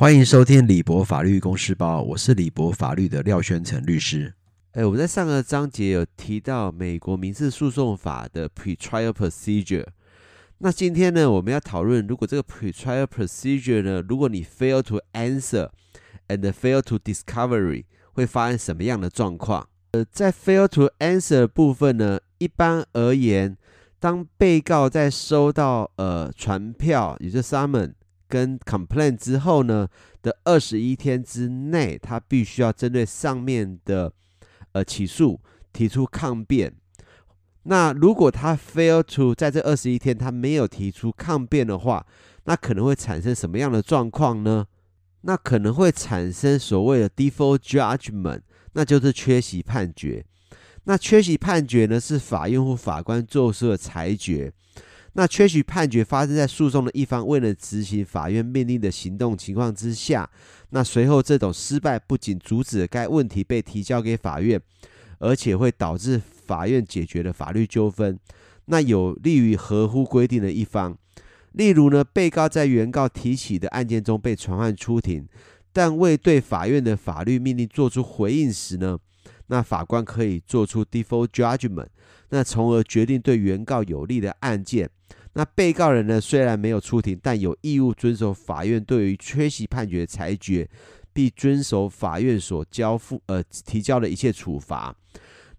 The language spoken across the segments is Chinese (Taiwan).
歡迎收聽李博法律公事包，我是李博法律的廖宣成律師。哎，我在上個章節有提到美國民事訴訟法的 pretrial procedure。那今天呢，我們要討論如果這個 pretrial procedure 呢，如果你 fail to answer and fail to discovery，會發生什麼樣的狀況？呃，在 fail to answer 的部分呢，一般而言，當被告在收到呃傳票，也就是 summons 跟 complain 之後呢的二十一天之內，他必須要針對上面的呃起訴提出抗辯。那如果他 fail to 在這二十一天他沒有提出抗辯的話，那可能會產生什麼樣的狀況呢？那可能會產生所謂的 default judgment，那就是缺席判決。那缺席判決呢是法院或法官做出的裁決。那缺席判決發生在訴訟的一方為了執行法院命令的行動情況之下。那隨後這種失敗不僅阻止該問題被提交給法院，而且會導致法院解決的法律糾紛。那有利於合乎規定的一方，例如呢，被告在原告提起的案件中被傳喚出庭，但未對法院的法律命令作出回應時呢，那法官可以做出 default judgment，那從而決定對原告有利的案件。那被告人呢，雖然沒有出庭，但有義務遵守法院對於缺席判決裁決，並遵守法院所交付、呃提交的一切處罰。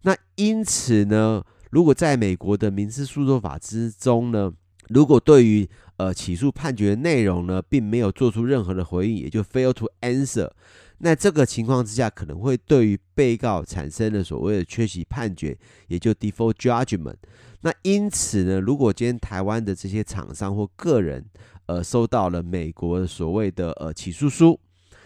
那因此呢，如果在美國的民事訴訟法之中呢，如果對於呃起訴判決的內容呢，並沒有做出任何的回應，也就 fail to answer。那這個情況之下，可能會對於被告產生了所謂的缺席判決，也就 default judgment。那因此呢，如果今天台灣的這些廠商或個人，呃，收到了美國的所謂的呃起訴書，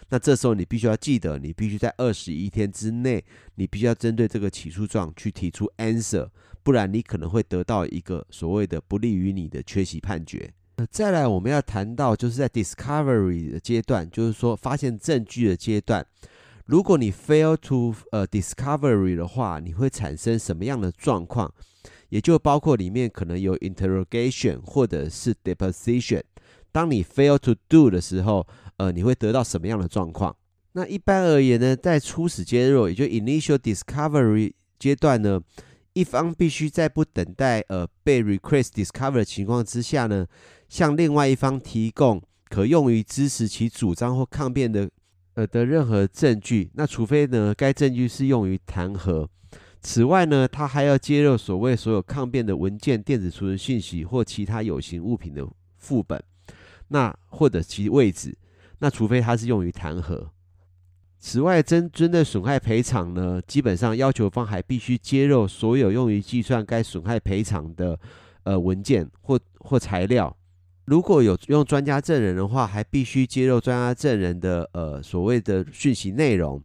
那這時候你必須要記得，你必須在二十一天之內，你必須要針對這個起訴狀去提出 answer，不然你可能會得到一個所謂的不利於你的缺席判決。呃、再來，我們要談到就是在 discovery 的階段，就是說發現證據的階段。如果你 fail to 呃 discovery 的話，你會產生什麼樣的狀況？也就包括裡面可能有 interrogation 或者是 deposition。當你 fail to do 的時候，呃，你會得到什麼樣的狀況？那一般而言呢，在初始階段，也就 initial discovery 階段呢，一方必須在不等待呃被 request discover 的情況之下呢，向另外一方提供可用於支持其主張或抗辯的呃、的任何證據。那除非呢該證據是用於彈劾。此外呢，他還要揭露所謂所有抗辯的文件、電子儲存信息或其他有形物品的副本，那或者其位置。那除非它是用於彈劾。此外，針對的損害賠償呢，基本上要求方還必須揭露所有用於計算該損害賠償的呃文件或或材料。如果有用專家證人的話，還必須揭露專家證人的呃所謂的訊息內容，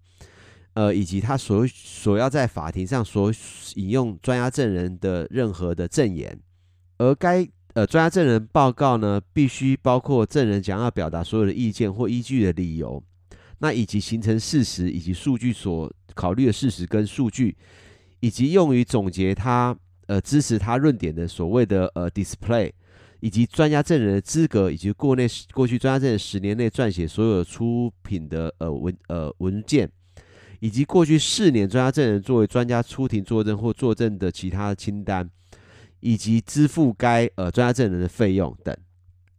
呃以及他所所要在法庭上所引用專家證人的任何的證言。而該呃專家證人報告呢，必須包括證人想要表達所有的意見或依據的理由。那以及形成事實以及數據所考慮的事實跟數據，以及用於總結他呃支持他論點的所謂的呃 display，以及專家證人的資格，以及過內過去專家證人十年內撰寫所有出品的呃文呃文件，以及過去四年專家證人作為專家出庭作證或作證的其他清單，以及支付該呃專家證人的費用等，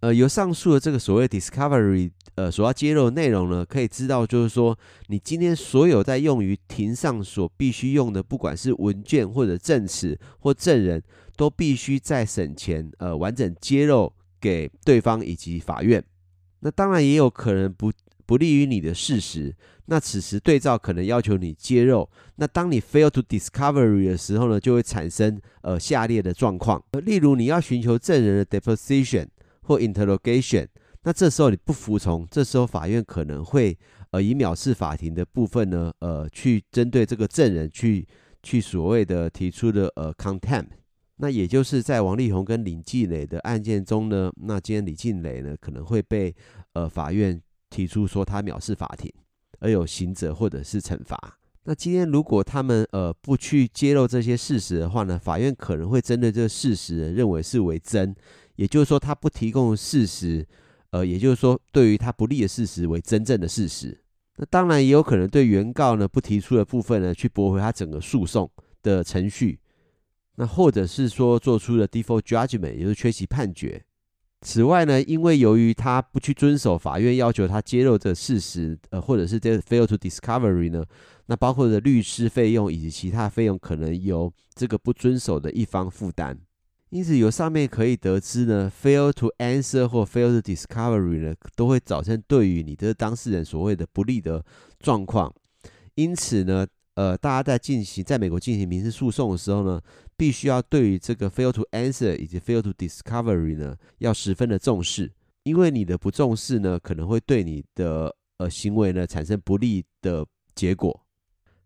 呃，由上述的這個所謂 discovery。呃，所要揭露的內容呢，可以知道，就是說，你今天所有在用於庭上所必須用的，不管是文件或者證詞或證人，都必須在審前呃完整揭露給對方以及法院。那當然也有可能不不利於你的事實。那此時對照可能要求你揭露。那當你 fail to discovery 的時候呢，就會產生呃下列的狀況。呃，例如你要尋求證人的 deposition 或 interrogation。那這時候你不服從，這時候法院可能會呃以藐視法庭的部分呢，呃去針對這個證人去去所謂的提出的呃 contempt。那也就是在王力宏跟李靚蕾的案件中呢，那今天李靚蕾呢可能會被呃法院提出說他藐視法庭而有刑責或者是懲罰。那今天如果他們呃不去揭露這些事實的話呢，法院可能會針對這個事實認為是為真，也就是說他不提供事實。呃，也就是說，對於他不利的事實為真正的事實，那當然也有可能對原告呢不提出的部分呢，去駁回他整個訴訟的程序，那或者是說做出了 default judgment，也就是缺席判決。此外呢，因為由於他不去遵守法院要求他揭露的事實，呃，或者是這 fail to discovery 呢，那包括的律師費用以及其他費用，可能由這個不遵守的一方負擔。因此，由上面可以得知呢，fail to answer 或 fail to discovery 呢，都會造成對於你的當事人所謂的不利的狀況。因此呢，呃，大家在進行，在美國進行民事訴訟的時候呢，必須要對於這個 fail to answer 以及 fail to discovery 呢，要十分的重視，因為你的不重視呢，可能會對你的呃行為呢產生不利的結果。